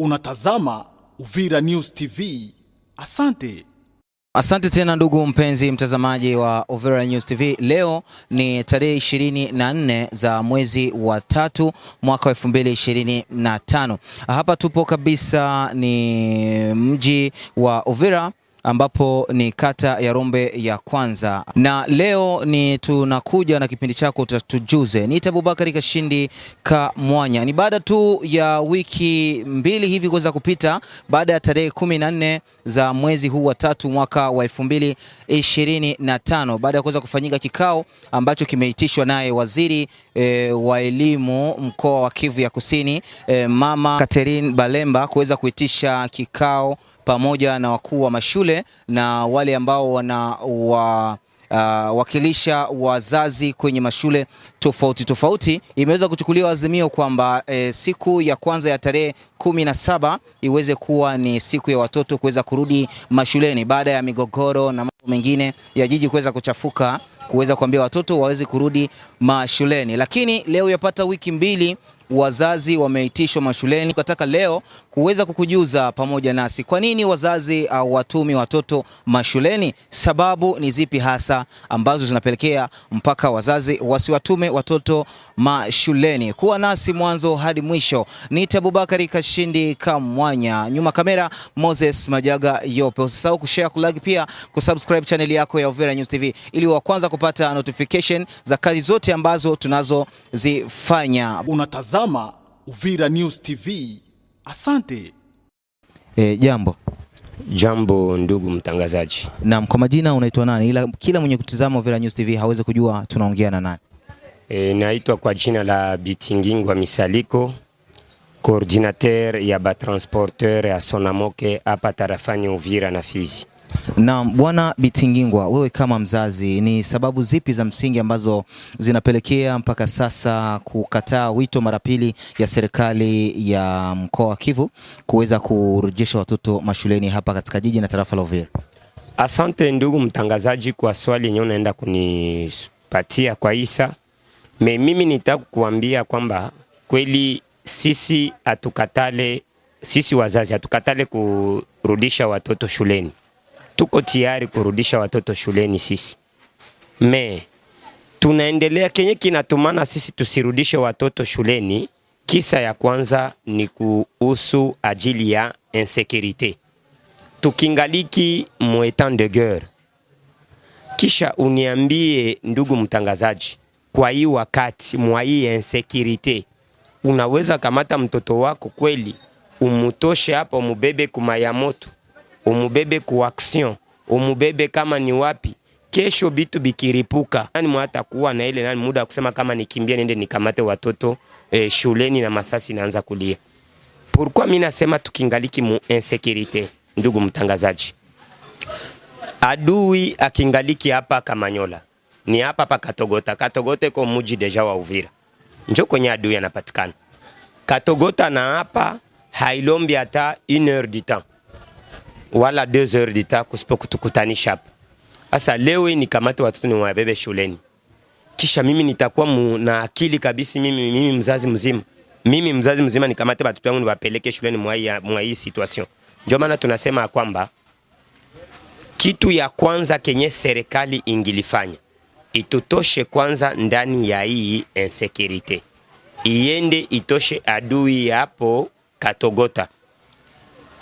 Unatazama Uvira News TV. Asante. Asante tena ndugu mpenzi mtazamaji wa Uvira News TV. Leo ni tarehe 24 za mwezi wa tatu mwaka wa 2025. Hapa tupo kabisa ni mji wa Uvira ambapo ni kata ya Rombe ya kwanza, na leo ni tunakuja na kipindi chako Tujuze. Niita Abubakari Kashindi Kamwanya. Ni baada tu ya wiki mbili hivi kuweza kupita baada ya tarehe kumi na nne za mwezi huu wa tatu mwaka wa elfu mbili ishirini na tano baada ya kuweza kufanyika kikao ambacho kimeitishwa naye waziri e, wa elimu mkoa wa Kivu ya Kusini e, Mama Catherine Balemba kuweza kuitisha kikao pamoja na wakuu wa mashule na wale ambao wa uh, wazazi kwenye mashule tofauti tofauti, imeweza kuchukuliwa azimio kwamba e, siku ya kwanza ya tarehe kumi na saba iweze kuwa ni siku ya watoto kuweza kurudi mashuleni baada ya migogoro na mambo mengine ya jiji kuweza kuchafuka kuweza kuambia watoto waweze kurudi mashuleni, lakini leo yapata wiki mbili wazazi wameitishwa mashuleni kataka leo kuweza kukujuza pamoja nasi kwa nini wazazi uh, watumi watoto mashuleni. Sababu ni zipi hasa ambazo zinapelekea mpaka wazazi wasiwatume watoto mashuleni? Kuwa nasi mwanzo hadi mwisho. Niite Abubakari Kashindi Kamwanya, nyuma kamera Moses Majaga Yope. Usisahau kushare, kulike pia kusubscribe channel yako ya Uvira News TV ili wa kwanza kupata notification za kazi zote ambazo tunazozifanya. Unataza unatazama Uvira News TV. Asante. E, jambo jambo ndugu mtangazaji. Naam, kwa majina unaitwa nani? Ila kila mwenye kutazama Uvira News TV hawezi kujua tunaongea na nani. E, naitwa kwa jina la Bitingingwa Misaliko, coordinateur ya batransporteur ya Sonamoke hapa tarafani Uvira na Fizi. Na Bwana Bitingingwa, wewe kama mzazi, ni sababu zipi za msingi ambazo zinapelekea mpaka sasa kukataa wito mara pili ya serikali ya mkoa wa Kivu kuweza kurejesha watoto mashuleni hapa katika jiji na tarafa la Uvira? Asante ndugu mtangazaji kwa swali yenyewe unaenda kunipatia kwa Isa. Me, mimi nitaka kuambia kwamba kweli sisi hatukatale, sisi wazazi hatukatale kurudisha watoto shuleni tuko tayari kurudisha watoto shuleni sisi me tunaendelea kenye kinatumana sisi tusirudishe watoto shuleni. Kisa ya kwanza ni kuhusu ajili ya insekurite, tukingaliki mwetan de guerre. Kisha uniambie ndugu mtangazaji, kwa hii wakati mwa hii insekurite, unaweza kamata mtoto wako kweli umutoshe hapo mubebe kumaya moto umubebe ku action, umubebe kama ni wapi kesho bitu bikiripuka, nani mwata kuwa na ile nani muda wa kusema kama nikimbie nende nikamate watoto e, shuleni na masasi naanza kulia. Pourquoi mimi nasema tukingaliki mu insécurité, ndugu mtangazaji, adui akingaliki hapa Kamanyola ni hapa pa Katogota. Katogota iko muji deja wa Uvira, njo kwenye adui anapatikana Katogota, na hapa hailombi hata une heure du temps wala 2 heures dita kusipo kutukutanisha hapa. Sasa leo ni kamata watoto ni wabebe shuleni, kisha mimi nitakuwa na akili kabisa. Mimi mimi mzazi mzima, mimi mzazi mzima nikamate watoto wangu niwapeleke shuleni mwa hii situation. Ndio maana tunasema kwamba kitu ya kwanza kenye serikali ingilifanya itutoshe kwanza ndani ya hii insecurity, iende itoshe adui hapo Katogota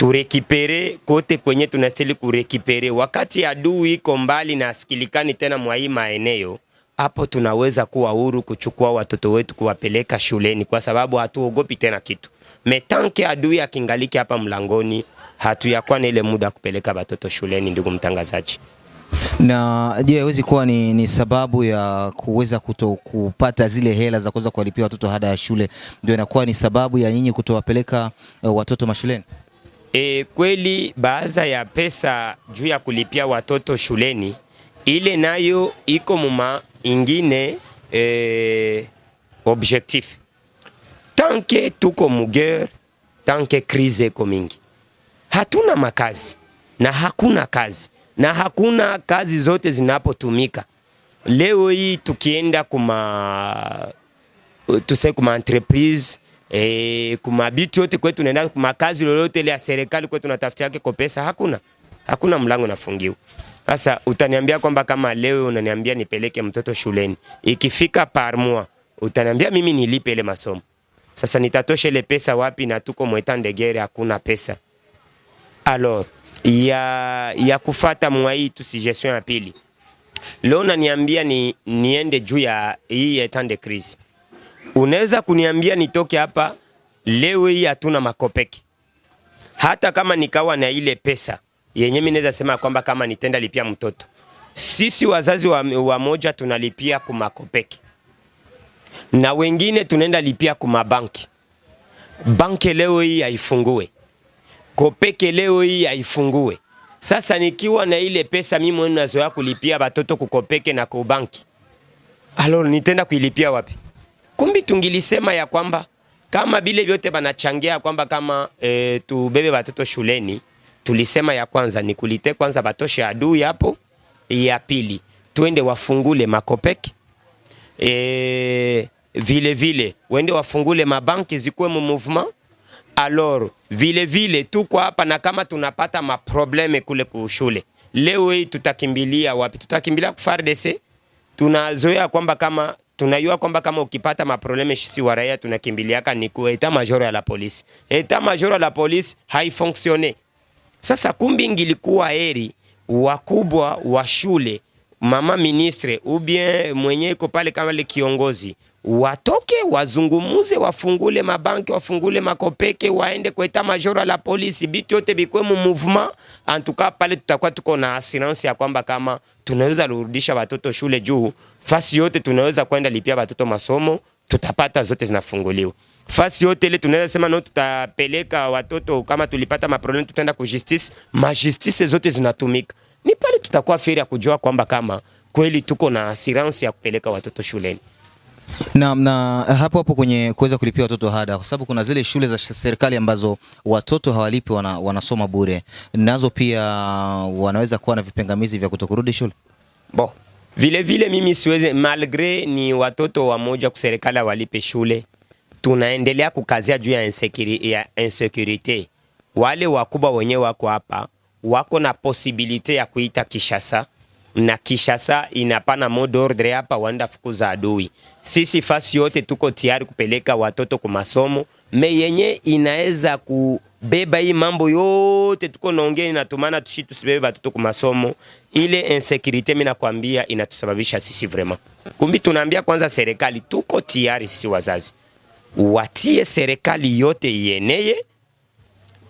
turekipere kote kwenye tunastili kurekipere. Wakati adui iko mbali na asikilikani tena mwa hii maeneo, hapo tunaweza kuwa huru kuchukua watoto wetu kuwapeleka shuleni, kwa sababu hatuogopi tena kitu. Metanke adui akingaliki hapa mlangoni, hatuyakuwa na ile muda kupeleka watoto shuleni. Ndugu mtangazaji, na je, hawezi kuwa ni, ni sababu ya kuweza kuto kupata zile hela za kuweza kuwalipia watoto ada ya shule, ndio inakuwa ni sababu ya nyinyi kutowapeleka eh, watoto mashuleni? E, kweli baadha ya pesa juu ya kulipia watoto shuleni ile nayo iko muma ingine e, objectif tanke tuko muger tanke krize iko mingi, hatuna makazi na hakuna kazi na hakuna kazi zote zinapotumika leo hii tukienda kuma tuse kuma entreprise E, kumabiti yote kwetu naenda makazi lolote ile ya serikali kwetu tunatafuta yake kwa pesa hakuna. Hakuna mlango nafungiwa. Sasa utaniambia kwamba kama leo unaniambia nipeleke mtoto shuleni. Ikifika par mois utaniambia mimi nilipe ile masomo. Sasa nitatosha ile pesa wapi na tuko mwetan de guerre hakuna pesa. Alors ya ya kufata mwai tu si gestion ya pili. Leo unaniambia ni niende juu ya hii etat de crise unaweza kuniambia nitoke hapa leo hii, hatuna makopeki. Hata kama nikawa na ile pesa yenye mimi naweza sema kwamba kama nitenda lipia mtoto, sisi wazazi wa, wa moja tunalipia kumakopeki na wengine tunaenda lipia kumabanki. Banki leo hii haifungue, kopeke leo hii haifungue. Sasa nikiwa na ile pesa mimi mwenyewe nazoea kulipia watoto kukopeke na kubanki, alo nitenda kuilipia wapi? Kumbi tungilisema ya kwamba kama bile vyote banachangia kwamba kama e, tubebe watoto shuleni, tulisema ya kwanza ni kulite kwanza batoshe adui hapo, ya pili twende wafungule makopeki e, vile vile wende wafungule mabanki zikuwe mu movement alors vile vile tuko hapa, na kama tunapata maprobleme kule ku shule leo hii tutakimbilia wapi? Tutakimbilia ku FARDC. Tunazoea kwamba kama tunajua kwamba kama ukipata maprobleme sisi wa raia tunakimbiliaka ni ku eta majoro ya la polisi. Eta majoro ya la polisi haifonksione. Sasa kumbi ngilikuwa heri wakubwa wa shule, mama ministre ubien mwenye iko pale kama le kiongozi watoke wazungumuze, wafungule mabanki, wafungule makopeke, waende kueta majoro la polisi, bitu yote bikwe mu movement antuka pale, tutakuwa tuko na assurance ya kwamba kama tunaweza kurudisha watoto shule juu Fasi yote tunaweza kwenda lipia watoto masomo, tutapata zote zinafunguliwa. Fasi yote ile tunaweza sema no, tutapeleka watoto kama tulipata maproblem, tutaenda ku justice, ma justice zote zinatumika. Ni pale tutakuwa feri ya kujua kwamba kama kweli tuko na assurance ya kupeleka watoto shuleni. Na, na hapo hapo kwenye kuweza kulipia watoto hada, kwa sababu kuna zile shule za serikali ambazo watoto hawalipi wana, wanasoma bure, nazo pia wanaweza kuwa na vipingamizi vya kutokurudi shule bo vile vile mimi siweze malgre ni watoto wamoja kuserikali walipe shule, tunaendelea kukazia juu ya insecurity, ya insecurity. Wale wakubwa wenye wako hapa wako na posibilite ya kuita Kishasa na Kishasa inapana mode ordre hapa, waenda fukuza adui. Sisi fasi yote tuko tayari kupeleka watoto kwa masomo me yenye inaweza kubeba hii mambo yote tuko naongea, inatumana tushi tusibebe batoto ku masomo. Ile insecurity mimi nakwambia inatusababisha sisi vraiment, kumbi tunaambia kwanza serikali tuko tayari sisi wazazi, watie serikali yote yeneye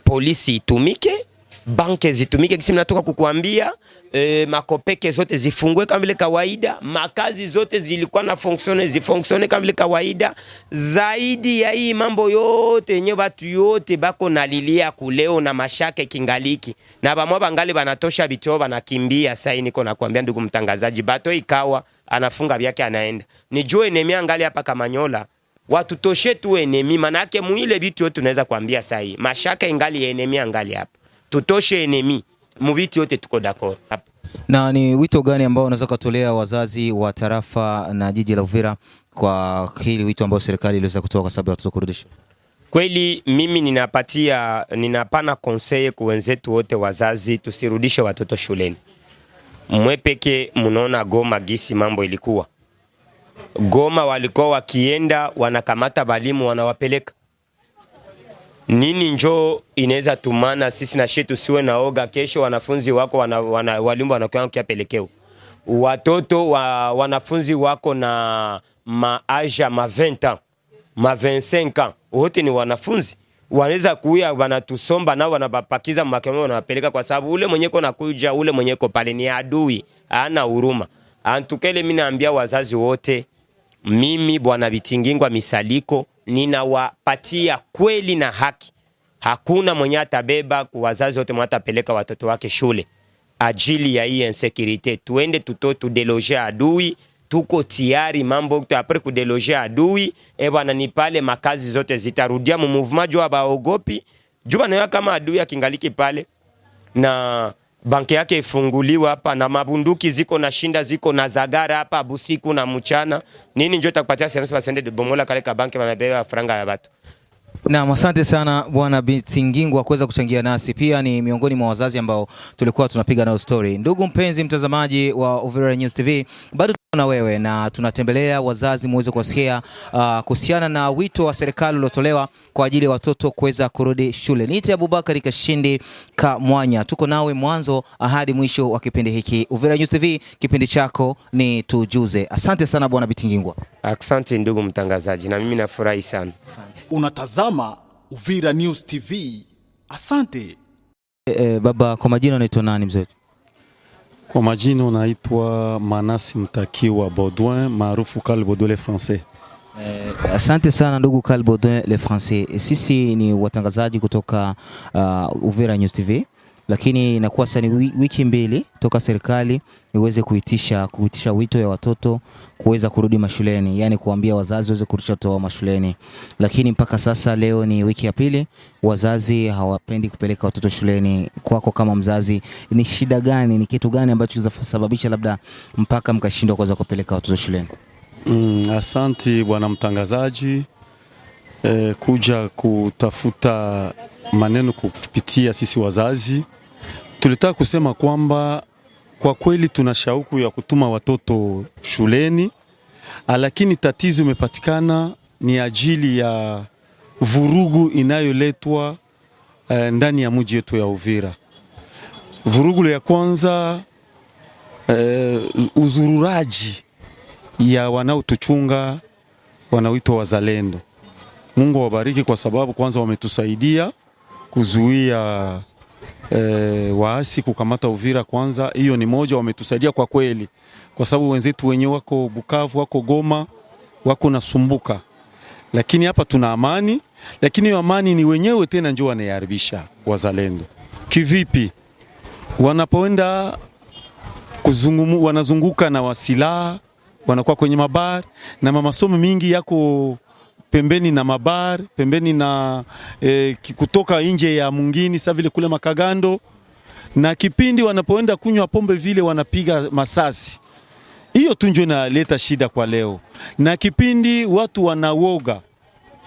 polisi itumike banke zitumike kisi mnatoka kukuambia e, makopeke zote zifungwe kama vile kawaida, makazi zote zilikuwa na fonksione zifonksione kama vile kawaida. Zaidi ya hii mambo yote yenye watu yote bako nalilia kuleo na mashake kingaliki na bamwa bangali banatosha bitoo banakimbia. Sasa niko nakwambia ndugu mtangazaji, bato ikawa anafunga vyake anaenda, nijue nemia ngali hapa Kamanyola watutoshe tu enemi, manake muile bitu yote tunaweza kuambia sasa, mashaka ingali ya enemi angali hapa tutoshe enemi mubiti yote tuko d'accord hapa. Na ni wito gani ambao unaweza kutolea wazazi wa tarafa na jiji la Uvira kwa hili wito ambao serikali iliweza kutoa kwa sababu ya watoto kurudishwa? Kweli mimi ninapatia ninapana conseil kwa wenzetu wote wazazi, tusirudishe watoto shuleni. Mwepeke mnaona Goma gisi mambo ilikuwa Goma, walikuwa wakienda wanakamata balimu wanawapeleka nini njo inaweza tumana sisi na shetu siwe na oga kesho. Wanafunzi wako wana, wana, walimu wanakuwa kiapelekeo watoto wa, wanafunzi wako na maaja ma 20 ans ma 25 ans wote ni wanafunzi wanaweza kuya wanatusomba nao wanabapakiza makamo wanapeleka, kwa sababu ule mwenye mwenyeko nakuja ule mwenye mwenyeko pale ni adui, ana huruma antukele. Mimi naambia wazazi wote, mimi bwana Bitingingwa Misaliko ninawapatia kweli na haki. Hakuna mwenye atabeba kuwazazi wote mwatapeleka watoto wake shule ajili ya hii insekurite. Tuende tuto tudeloge adui, tuko tiari mambo tu apre kudeloge adui. E bwana, ni pale makazi zote zitarudia mu movement juu baogopi juba banayo kama adui akingaliki pale na banki yake ifunguliwa hapa na mabunduki ziko na shinda ziko na zagara hapa busiku na mchana nini, njoo takupatia service basende bomola kale ka banki wanabeba franga ya watu. Na asante sana Bwana Bitingingwa kuweza kuchangia nasi. Pia ni miongoni mwa wazazi ambao tulikuwa tunapiga nao story. Ndugu mpenzi mtazamaji wa Uvira News TV, bado na wewe na tunatembelea wazazi muweze kuwasikia uh, kuhusiana na wito wa serikali uliotolewa kwa ajili ya watoto kuweza kurudi shule. Niite Abubakari Kashindi Kamwanya, tuko nawe mwanzo hadi mwisho wa kipindi hiki. Uvira News TV, kipindi chako ni tujuze. Asante sana bwana Bitingingwa. Asante ndugu mtangazaji, na mimi nafurahi sana. Asante. Unatazama Uvira News TV. Asante. E, e, baba kwa majina unaitwa nani mzee? Kwa majina unaitwa Manasi Mtakiwa Baudouin maarufu Karl Baudouin le français Eh, asante sana ndugu Karl Baudouin le Français. Sisi ni watangazaji kutoka uh, Uvira News TV lakini inakuwa sasa ni wiki mbili toka serikali iweze kuitisha kuitisha wito ya watoto kuweza kurudi mashuleni, yani kuambia wazazi waweze kurudisha watoto wao mashuleni. Lakini mpaka sasa leo ni wiki ya pili, wazazi hawapendi kupeleka watoto shuleni. Kwako kama mzazi, ni shida gani? Ni kitu gani ambacho kinasababisha labda mpaka mkashindwa kuweza kupeleka watoto shuleni? Mm, asanti bwana mtangazaji. eh, kuja kutafuta maneno kupitia sisi wazazi tulitaka kusema kwamba kwa kweli tuna shauku ya kutuma watoto shuleni, ah, lakini tatizo imepatikana ni ajili ya vurugu inayoletwa uh, ndani ya mji wetu ya Uvira. Vurugu ya kwanza uh, uzururaji ya wanaotuchunga wanaoitwa wazalendo. Mungu wabariki kwa sababu kwanza wametusaidia kuzuia e, waasi kukamata Uvira kwanza, hiyo ni moja, wametusaidia kwa kweli, kwa sababu wenzetu wenyewe wako Bukavu, wako Goma, wako nasumbuka, lakini hapa tuna amani, lakini hiyo amani ni wenyewe tena ndio wanaiharibisha wazalendo. Kivipi? wanapoenda kuzungumu, wanazunguka na wasilaha wanakuwa kwenye mabari na mamasomo mingi yako pembeni na mabar pembeni na eh, kutoka nje ya mungini sa vile kule Makagando, na kipindi wanapoenda kunywa pombe vile wanapiga masasi. Hiyo tu ndio inaleta shida kwa leo, na kipindi watu wanawoga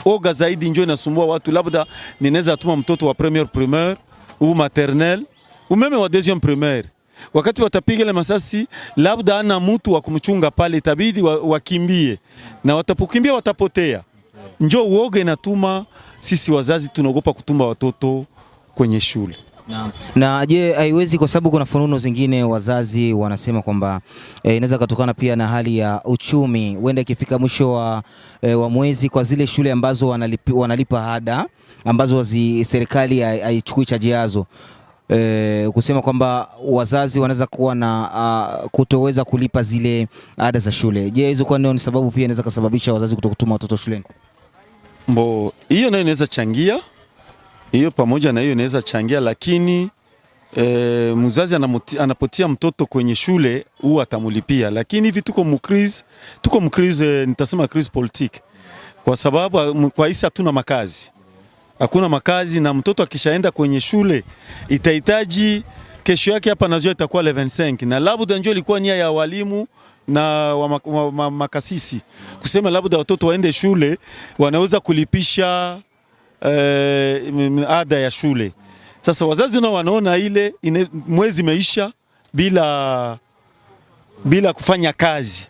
oga zaidi ndio inasumbua watu. Labda ninaweza tuma mtoto wa premier primaire au maternel au meme wa deuxième primaire wakati watapiga ile masasi, labda ana mtu wa kumchunga pale, itabidi wakimbie, wa na watapokimbia watapotea njo uoga inatuma sisi wazazi tunaogopa kutuma watoto kwenye shule na, na je, haiwezi kwa sababu kuna fununo zingine wazazi wanasema kwamba e, inaweza kutokana pia na hali ya uchumi, huenda ikifika mwisho wa, e, wa mwezi kwa zile shule ambazo wanalipi, wanalipa ada ambazo zi, serikali haichukui chaji yazo e, kusema kwamba wazazi wanaweza kuwa na a, ah, kutoweza kulipa zile ada za shule. Je, hizo kwa nini ni sababu pia inaweza kusababisha wazazi kutokutuma watoto shuleni? mbo hiyo nayo inaweza changia hiyo, pamoja na hiyo inaweza changia, lakini e, mzazi anapotia mtoto kwenye shule huwa atamulipia, lakini hivi tuko mkrizi, tuko mkrizi e, eh, nitasema kriz politique, kwa sababu ah, kwa hisi hatuna makazi, hakuna makazi, na mtoto akishaenda kwenye shule itahitaji kesho yake hapa, najua itakuwa 25 na labda ndio ilikuwa nia ya walimu na wa wa makasisi kusema labda watoto waende shule, wanaweza kulipisha eh, ada ya shule. Sasa wazazi nao wanaona ile ine, mwezi imeisha bila, bila kufanya kazi,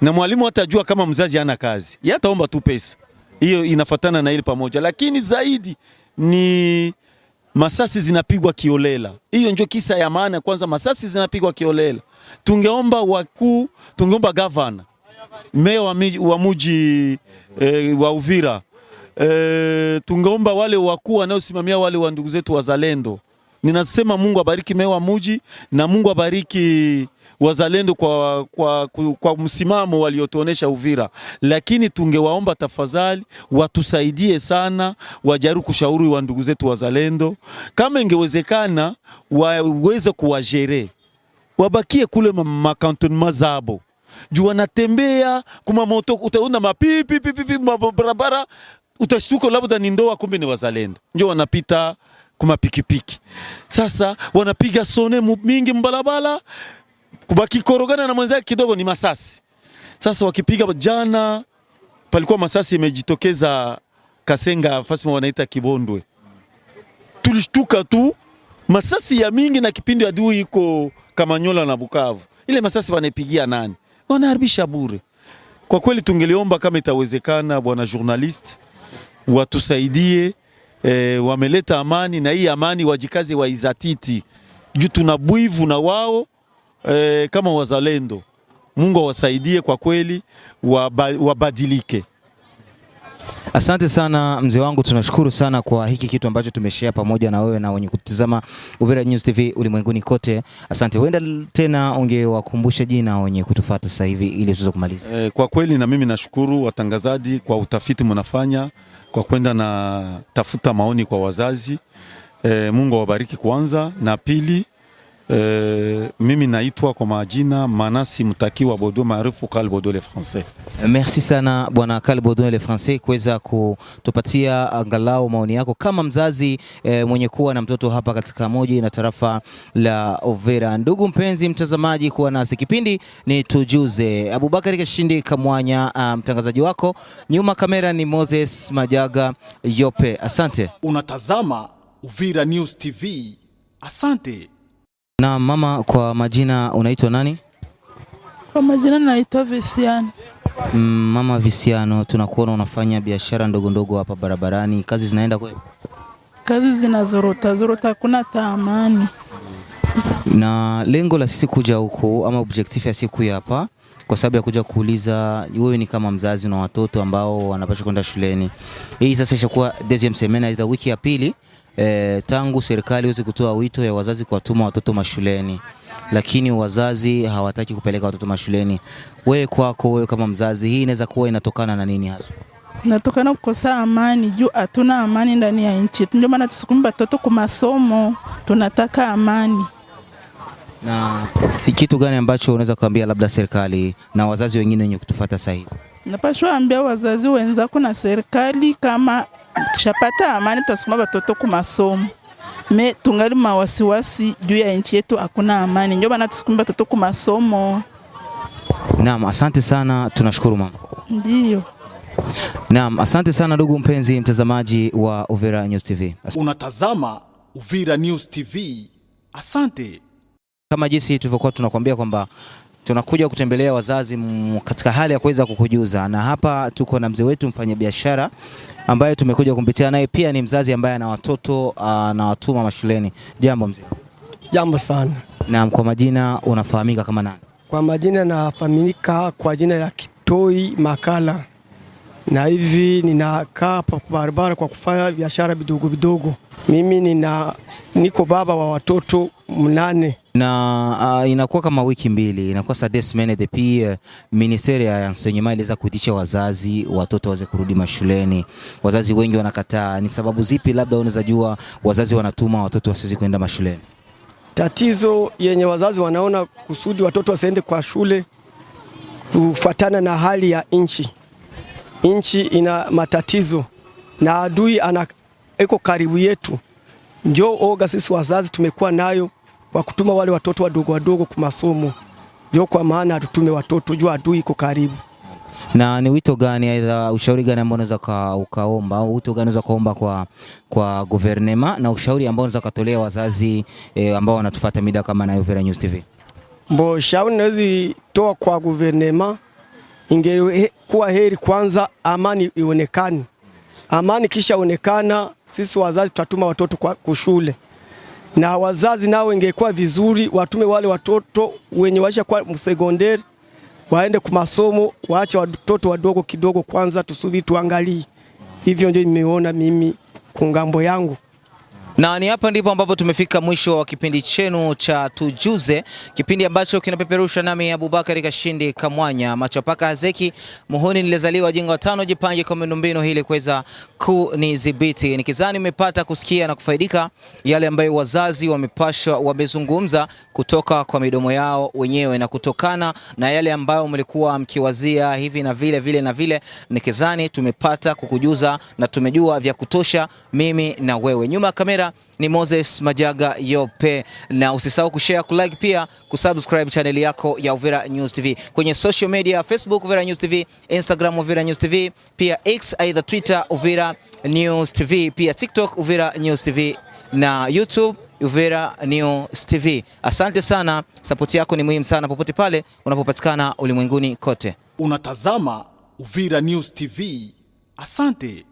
na mwalimu hatajua kama mzazi hana kazi, yeye ataomba tu pesa hiyo, inafatana na ile pamoja, lakini zaidi ni masasi zinapigwa kiolela. Hiyo ndio kisa ya maana. Kwanza masasi zinapigwa kiolela tungeomba wakuu, tungeomba gavana, meya wa muji e, wa Uvira e, tungeomba wale wakuu wanaosimamia wale wa ndugu zetu wazalendo. Ninasema Mungu abariki meya wa muji na Mungu abariki wazalendo kwa, kwa, kwa, kwa msimamo waliotuonesha Uvira, lakini tungewaomba tafadhali watusaidie sana, wajaribu kushauri wa ndugu zetu wazalendo, kama ingewezekana waweze kuwajere wabakie kule makantonema zabo juu wanatembea kuma moto, utaona mapipi pipi mabarabara, utashtuka labda ni ndoa, kumbe ni wazalendo njo wanapita kuma pikipiki. Sasa wanapiga sone mingi mbalabala, kubaki korogana na mwenzake kidogo ni masasi. Sasa wakipiga, jana palikuwa masasi imejitokeza Kasenga, fasima wanaita Kibondwe, tulishtuka tu masasi ya mingi na kipindi adui iko Kamanyola na Bukavu, ile masasi wanaipigia nani? Wanaharibisha bure. Kwa kweli tungeliomba kama itawezekana, bwana journalist watusaidie e, wameleta amani na hii amani wajikaze waizatiti juu tuna bwivu na wao e, kama wazalendo. Mungu awasaidie kwa kweli wabadilike. Asante sana mzee wangu, tunashukuru sana kwa hiki kitu ambacho tumeshare pamoja na wewe na wenye kutizama Uvira News TV ulimwenguni kote. Asante. Huenda tena ungewakumbusha jina wenye kutufuata sasa hivi ili tuweze kumaliza. E, kwa kweli na mimi nashukuru watangazaji kwa utafiti mnafanya kwa kwenda na tafuta maoni kwa wazazi. E, Mungu awabariki kwanza, na pili Eh, mimi naitwa kwa majina Manasi mtaki wa Bodo maarufu Karl Bodo le Français. Merci sana bwana Karl Bodo le Français kuweza kutupatia angalau maoni yako kama mzazi e, mwenye kuwa na mtoto hapa katika moja na tarafa la Uvira. Ndugu mpenzi mtazamaji, kuwa nasi kipindi ni Tujuze. Abubakari Kashindi Kamwanya ah, mtangazaji um, wako, nyuma kamera ni Moses Majaga Yope. Asante. Unatazama Uvira News TV. Asante. Na mama, kwa majina unaitwa nani? Kwa majina naitwa Visiano. Mm, mama Visiano, tunakuona unafanya biashara ndogo ndogo hapa barabarani, kazi zinaenda kweli? Kazi zinazorota zorota, hakuna tamani. Na lengo la sisi kuja huku ama objective ya siku ya hapa kwa sababu ya kuja kuuliza wewe ni kama mzazi na watoto ambao wanapaswa kwenda shuleni, hii sasa ishakuwa desem semena, aidha wiki ya pili E, tangu serikali iweze kutoa wito ya wazazi kuwatuma watoto mashuleni, lakini wazazi hawataki kupeleka watoto mashuleni. Wewe kwako, wewe kama mzazi, hii inaweza kuwa inatokana na nini hasa? Natokana kukosa amani, juu hatuna amani ndani ya nchi. Ndio maana tusukumi watoto kwa masomo, tunataka amani. Na kitu gani ambacho unaweza kuambia labda serikali na wazazi wengine wenye kutufuata saa hizi? Napashwa ambia wazazi wenzako na serikali kama tushapata amani, tutasukuma watoto ku masomo. Me tungali mawasiwasi juu ya nchi yetu, hakuna amani, ndio maana tusukuma watoto ku masomo. Naam, asante sana, tunashukuru mama. Ndio. Naam, asante sana ndugu mpenzi mtazamaji wa Uvira News TV. Asante. Unatazama Uvira News TV. Asante. Kama jinsi tulivyokuwa tunakwambia kwamba tunakuja kutembelea wazazi katika hali ya kuweza kukujuza, na hapa tuko na mzee wetu mfanyabiashara ambaye tumekuja kumpitia naye, pia ni mzazi ambaye ana watoto anawatuma mashuleni. Jambo mzee. Jambo sana. Naam, kwa majina unafahamika kama nani? Kwa majina nafahamika kwa jina la Kitoi Makala na hivi ninakaa hapa barabara kwa kufanya biashara vidogo vidogo. Mimi nina niko baba wa watoto mnane na uh, inakuwa kama wiki mbili inakuwa sadesmene depuis uh, eh, ministeri ya enseignement iliweza kuitisha wazazi watoto waweze kurudi mashuleni. Wazazi wengi wanakataa. Ni sababu zipi labda unaweza jua wazazi wanatuma watoto wasiwezi kuenda mashuleni? Tatizo yenye wazazi wanaona kusudi watoto wasiende kwa shule kufuatana na hali ya nchi nchi ina matatizo na adui ana eko karibu yetu, njo oga sisi wazazi tumekuwa nayo wa kutuma wale watoto wadogo wadogo kwa masomo, njo kwa maana atutume watoto jua adui iko karibu. Na ni wito gani, aidha ushauri gani ambao unaweza ukaomba au wito gani unaweza ukaomba kwa, kwa guvernema na ushauri ambao unaweza katolea wazazi e, ambao wanatufuata mida kama na Uvira News TV? Mbo shauri naweza toa kwa guvernema ingekuwa heri kwanza amani ionekane. Amani kisha onekana, sisi wazazi tutatuma watoto kwa kushule, na wazazi nao ingekuwa vizuri watume wale watoto wenye waisha kwa msegonderi waende kumasomo, waache watoto wadogo kidogo kwanza, tusubiri tuangalie. Hivyo ndio nimeona mimi kungambo yangu. Na ni hapa ndipo ambapo tumefika mwisho wa kipindi chenu cha Tujuze, kipindi ambacho kinapeperusha nami Abubakari Kashindi Kamwanya. Machopaka hazeki muhuni, nilizaliwa jingo tano, jipange kwa miundombinu hili kuweza kunidhibiti. Nikizani nimepata kusikia na kufaidika yale ambayo wazazi wamepasha wamezungumza kutoka kwa midomo yao wenyewe, na kutokana na yale ambayo mlikuwa mkiwazia hivi na vile vile na vile, nikizani tumepata kukujuza na tumejua vya kutosha, mimi na wewe nyuma kamera ni Moses Majaga Yope, na usisahau kushare, kulike pia kusubscribe chaneli yako ya Uvira News TV kwenye social media Facebook Uvira News TV, Instagram Uvira News TV, pia X aidha Twitter Uvira News TV, pia TikTok Uvira News TV na YouTube Uvira News TV. Asante sana, sapoti yako ni muhimu sana popote pale unapopatikana ulimwenguni kote. Unatazama Uvira News TV. Asante.